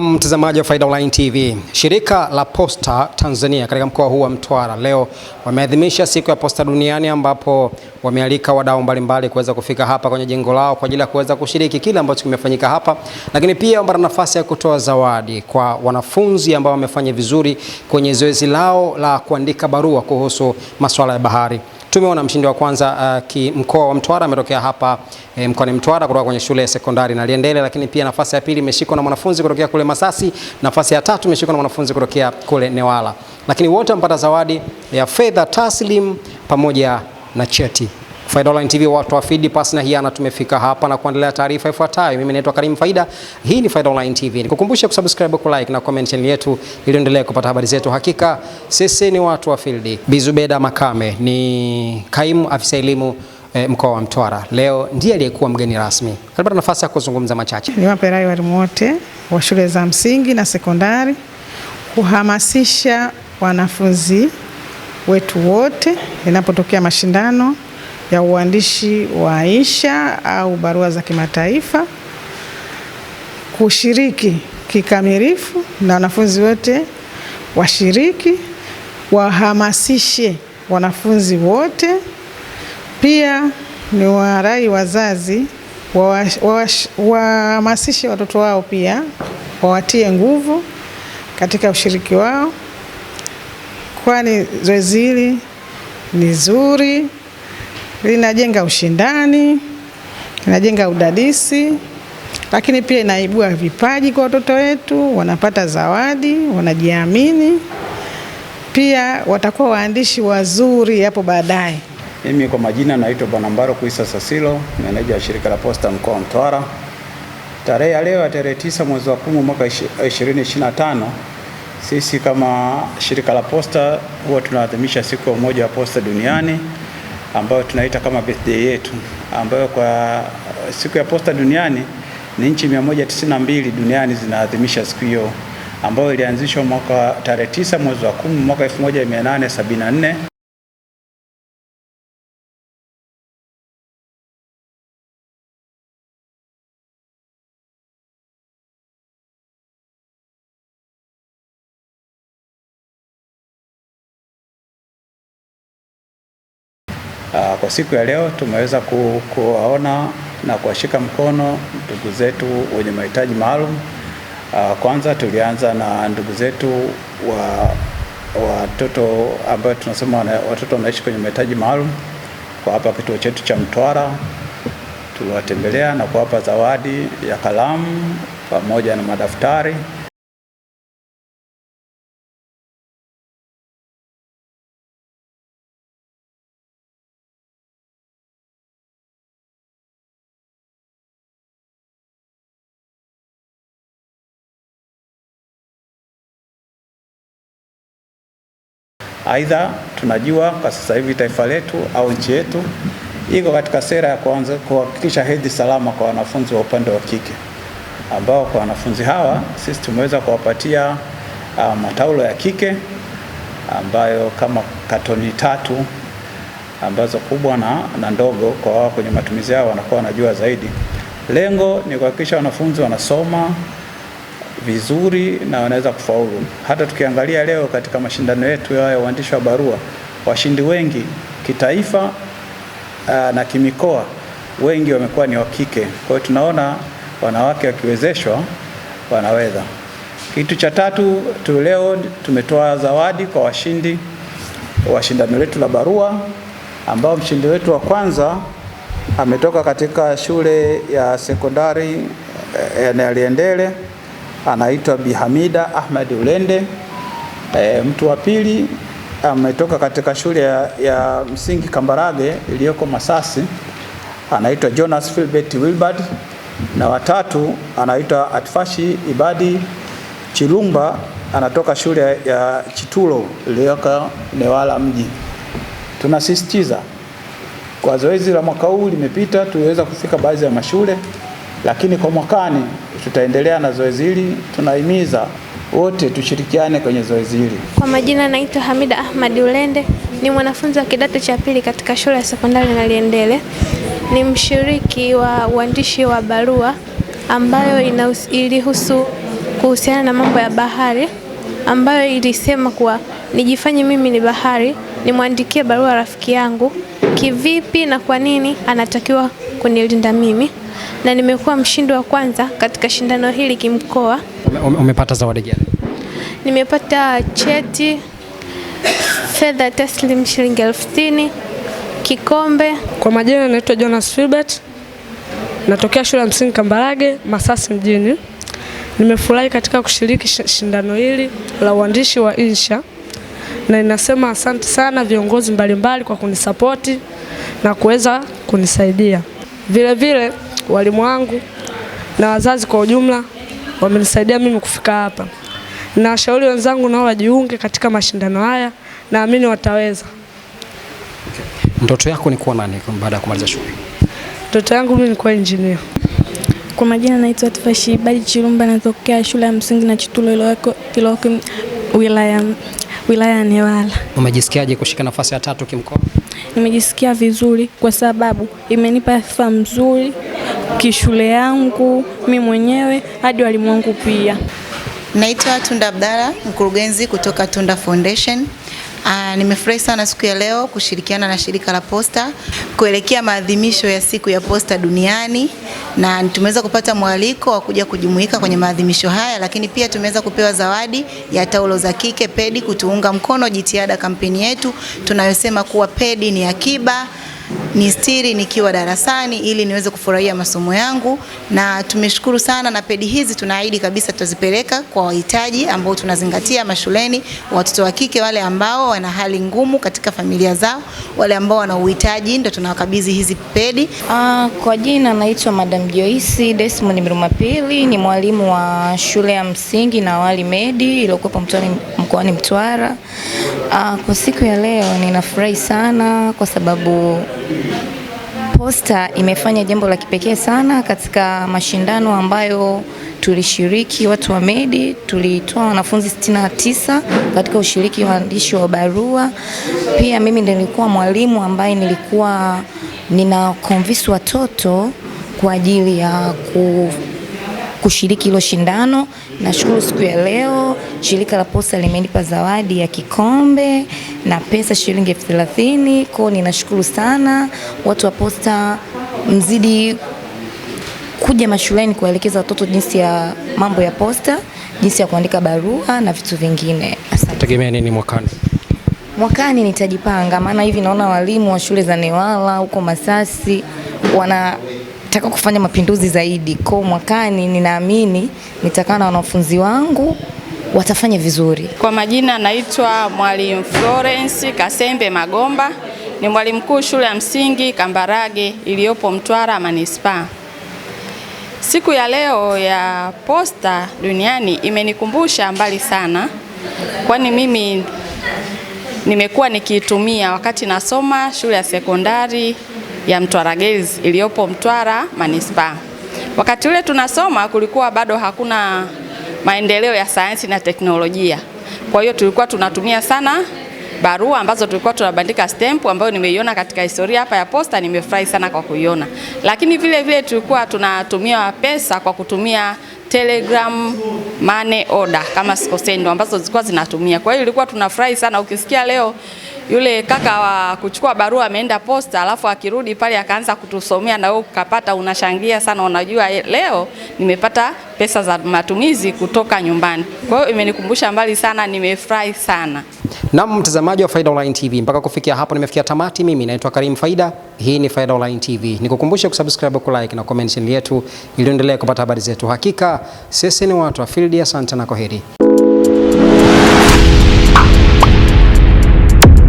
Na mtazamaji wa Faida Online TV, shirika la posta Tanzania katika mkoa huu wa Mtwara leo wameadhimisha siku ya posta duniani, ambapo wamealika wadau mbalimbali kuweza kufika hapa kwenye jengo lao kwa ajili ya kuweza kushiriki kile ambacho kimefanyika hapa, lakini pia wamepata nafasi ya kutoa zawadi kwa wanafunzi ambao wamefanya vizuri kwenye zoezi lao la kuandika barua kuhusu masuala ya bahari. Tumeona mshindi wa kwanza uh, kimkoa wa Mtwara ametokea hapa eh, mkoani Mtwara kutoka kwenye shule ya sekondari liendele lakini pia nafasi ya pili imeshikwa na mwanafunzi kutokea kule Masasi, nafasi ya tatu imeshikwa na mwanafunzi kutokea kule Newala, lakini wote wamepata zawadi ya fedha taslim pamoja na cheti. Faida Online TV watu wa feed pass na hiana, tumefika hapa na kuendelea taarifa ifuatayo. Mimi naitwa Karim Faida, hii ni Faida Online TV. Nikukumbushe kusubscribe, ku like na comment channel yetu ili endelee kupata habari zetu. Hakika sisi ni watu wa field. Bizubeda Makame ni kaimu afisa elimu e, mkoa wa Mtwara. Leo ndiye aliyekuwa mgeni rasmi, alipata nafasi ya kuzungumza machache. Niwape rai walimu wote wa shule za msingi na sekondari kuhamasisha wanafunzi wetu wote inapotokea mashindano ya uandishi wa insha au barua za kimataifa, kushiriki kikamilifu, na wanafunzi wote washiriki, wahamasishe wanafunzi wote. Pia ni warai wazazi wahamasishe wa, wa, watoto wao pia wawatie nguvu katika ushiriki wao, kwani zoezi hili ni zuri linajenga ushindani, linajenga udadisi, lakini pia inaibua vipaji kwa watoto wetu, wanapata zawadi, wanajiamini, pia watakuwa waandishi wazuri hapo baadaye. Mimi kwa majina naitwa Bwana Mbaro Kuisa Sasilo, meneja wa shirika la posta mkoa wa Mtwara. Tarehe ya leo ya tarehe tisa mwezi wa kumi mwaka 2025 sisi kama shirika la posta huwa tunaadhimisha siku ya umoja wa posta duniani ambayo tunaita kama birthday yetu ambayo kwa siku ya posta duniani ni nchi 192 duniani zinaadhimisha siku hiyo ambayo ilianzishwa mwaka tarehe 9 mwezi wa 10 mwaka 1874. Ah, kwa siku ya leo tumeweza kuwaona na kuwashika mkono ndugu zetu wenye mahitaji maalum. Ah, kwanza tulianza na ndugu zetu wa watoto ambao tunasema watoto wanaishi kwenye mahitaji maalum kwa hapa kituo chetu cha Mtwara. Tuliwatembelea na kuwapa zawadi ya kalamu pamoja na madaftari. Aidha, tunajua kwa sasa hivi taifa letu au nchi yetu iko katika sera ya kwanza kuhakikisha hedhi salama kwa wanafunzi wa upande wa kike, ambao kwa wanafunzi hawa sisi tumeweza kuwapatia uh, mataulo ya kike ambayo kama katoni tatu ambazo kubwa na, na ndogo kwa wao kwenye matumizi yao wanakuwa wanajua zaidi. Lengo ni kuhakikisha wanafunzi wanasoma vizuri na wanaweza kufaulu. Hata tukiangalia leo katika mashindano yetu ya uandishi wa barua, washindi wengi kitaifa ah, na kimikoa wengi wamekuwa ni wa kike. Kwa hiyo tunaona wanawake wakiwezeshwa wanaweza. Kitu cha tatu tu, leo tumetoa zawadi kwa washindi wa shindano letu la barua, ambao mshindi wetu wa kwanza ametoka katika shule ya sekondari eh, ya Naliendele anaitwa Bihamida Ahmad Ulende. E, mtu wa pili ametoka katika shule ya, ya msingi Kambarage iliyoko Masasi anaitwa Jonas Philbert Wilbard, na watatu anaitwa Atfashi Ibadi Chilumba anatoka shule ya Chitulo iliyoko Newala mji. Tunasisitiza kwa zoezi la mwaka huu limepita, tuliweza kufika baadhi ya mashule lakini kwa mwakani tutaendelea na zoezi hili, tunahimiza wote tushirikiane kwenye zoezi hili. Kwa majina naitwa Hamida Ahmad Ulende, ni mwanafunzi wa kidato cha pili katika shule ya sekondari Naliendele. Ni mshiriki wa uandishi wa barua ambayo inahusu, ilihusu kuhusiana na mambo ya bahari ambayo ilisema kuwa nijifanye mimi ni bahari, nimwandikie barua rafiki yangu kivipi na kwa nini anatakiwa kunilinda mimi na nimekuwa mshindi wa kwanza katika shindano hili kimkoa. Umepata zawadi gani? Nimepata cheti, fedha taslim shilingi elfu sitini, kikombe. Kwa majina naitwa Jonas Philbert, natokea shule ya msingi Kambarage, Masasi mjini. Nimefurahi katika kushiriki shindano hili la uandishi wa insha na ninasema asante sana viongozi mbalimbali mbali kwa kunisapoti na kuweza kunisaidia vilevile vile, walimu wangu na wazazi kwa ujumla wamenisaidia mimi kufika hapa. Na washauri wenzangu nao wajiunge katika mashindano haya, naamini wataweza. Okay. yako ni kuwa nani baada ya kumaliza shule? Ndoto yangu mimi ni kuwa engineer. Kwa majina naitwa Tufashi Badi Chirumba, natokea shule ya msingi na Chitulo Iloko, wilaya wilaya ya Newala. Umejisikiaje kushika nafasi ya tatu kimkoa? Nimejisikia vizuri kwa sababu imenipa sifa nzuri kishule yangu mi mwenyewe hadi walimu wangu pia. Naitwa Tunda Abdalla, mkurugenzi kutoka Tunda Foundation. Ah, nimefurahi sana siku ya leo kushirikiana na shirika la Posta kuelekea maadhimisho ya siku ya Posta duniani, na tumeweza kupata mwaliko wa kuja kujumuika kwenye maadhimisho haya, lakini pia tumeweza kupewa zawadi ya taulo za kike pedi kutuunga mkono jitihada kampeni yetu tunayosema kuwa pedi ni akiba nistiri nikiwa darasani ili niweze kufurahia masomo yangu, na tumeshukuru sana. Na pedi hizi tunaahidi kabisa tutazipeleka kwa wahitaji ambao tunazingatia mashuleni, watoto wa kike wale ambao wana hali ngumu katika familia zao, wale ambao wana uhitaji, ndio tunawakabidhi hizi pedi. Ah, kwa jina naitwa Madam Joyce Desmond Mrumapili, ni mwalimu wa shule ya msingi na awali Medi iliyokuwa mkoani Mtwara. Ah, kwa siku ya leo ninafurahi sana kwa sababu Posta imefanya jambo la kipekee sana katika mashindano ambayo tulishiriki watu wa Medi, tulitoa wanafunzi 69 katika ushiriki waandishi wa barua. Pia mimi nilikuwa mwalimu ambaye nilikuwa nina convince watoto kwa ajili ya ku kushiriki hilo shindano. Nashukuru siku ya leo shirika la Posta limenipa zawadi ya kikombe na pesa shilingi elfu thelathini. Kwao ninashukuru sana watu wa Posta, mzidi kuja mashuleni kuwaelekeza watoto jinsi ya mambo ya Posta, jinsi ya kuandika barua na vitu vingine. Tegemea nini mwakani? Mwakani nitajipanga, maana hivi naona walimu wa shule za Newala huko Masasi wanataka kufanya mapinduzi zaidi. Kwa mwakani ninaamini nitakaa na wanafunzi wangu watafanya vizuri. Kwa majina, naitwa Mwalimu Florence Kasembe Magomba, ni mwalimu mkuu shule ya msingi Kambarage iliyopo Mtwara Manispaa. Siku ya leo ya posta duniani imenikumbusha mbali sana, kwani mimi nimekuwa nikiitumia wakati nasoma shule ya sekondari ya Mtwara Girls iliyopo Mtwara Manispaa. Wakati ule tunasoma kulikuwa bado hakuna maendeleo ya sayansi na teknolojia. Kwa hiyo tulikuwa tunatumia sana barua ambazo tulikuwa tunabandika stamp ambayo nimeiona katika historia hapa ya posta, nimefurahi sana kwa kuiona. Lakini vile vile tulikuwa tunatumia pesa kwa kutumia Telegram money order kama sikosendo, ambazo zilikuwa zinatumia. Kwa hiyo ilikuwa tunafurahi sana ukisikia leo yule kaka wa kuchukua barua ameenda posta, alafu akirudi pale akaanza kutusomea, na wewe ukapata, unashangia sana, unajua leo nimepata pesa za matumizi kutoka nyumbani. Kwa hiyo imenikumbusha mbali sana, nimefurahi sana. Naam, mtazamaji wa Faida Online TV, mpaka kufikia hapo nimefikia tamati. Mimi naitwa Karim Faida, hii ni Faida Online TV. Nikukumbushe kusubscribe, ku like na comment yetu, ili kupata habari zetu. Hakika sisi ni watu wa field. Asante na kwaheri.